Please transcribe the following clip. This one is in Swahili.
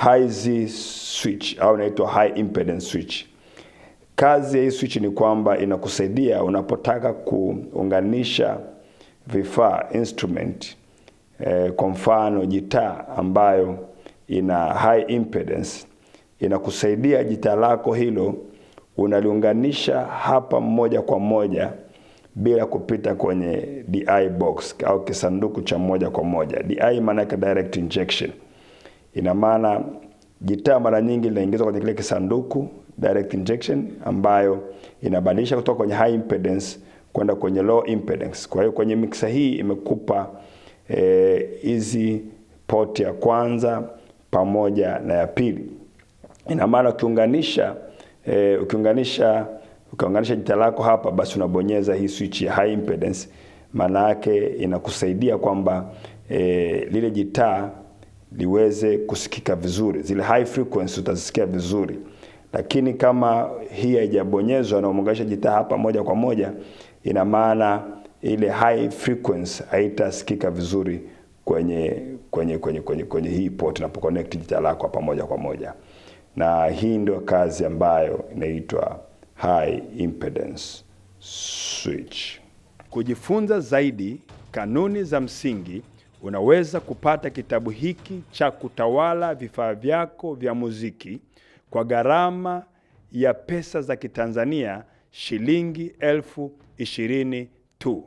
high Z switch au inaitwa high impedance switch. Kazi ya hii switch ni kwamba inakusaidia unapotaka kuunganisha vifaa instrument eh, kwa mfano jitaa ambayo ina high impedance inakusaidia jitaa lako hilo unaliunganisha hapa moja kwa moja bila kupita kwenye DI box au kisanduku cha moja kwa moja. DI maana yake direct injection. Ina maana jitaa mara nyingi linaingizwa kwenye kile kisanduku direct injection ambayo inabadilisha kutoka kwenye high impedance kwenda kwenye low impedance. Kwa hiyo kwenye mixa hii imekupa hizi eh, e, port ya kwanza pamoja na ya pili. Ina maana ukiunganisha e, ukiunganisha ukiunganisha jita lako hapa, basi unabonyeza hii switch ya high impedance, maana yake inakusaidia kwamba e, lile jitaa liweze kusikika vizuri. Zile high frequency utazisikia vizuri, lakini kama hii haijabonyezwa na umeunganisha gitaa hapa moja kwa moja, ina maana ile high frequency haitasikika vizuri kwenye kwenye kwenye kwenye, kwenye hii port connect gitaa lako hapa moja kwa moja, na hii ndio kazi ambayo inaitwa high impedance switch. Kujifunza zaidi kanuni za msingi Unaweza kupata kitabu hiki cha kutawala vifaa vyako vya muziki kwa gharama ya pesa za Kitanzania shilingi elfu ishirini tu.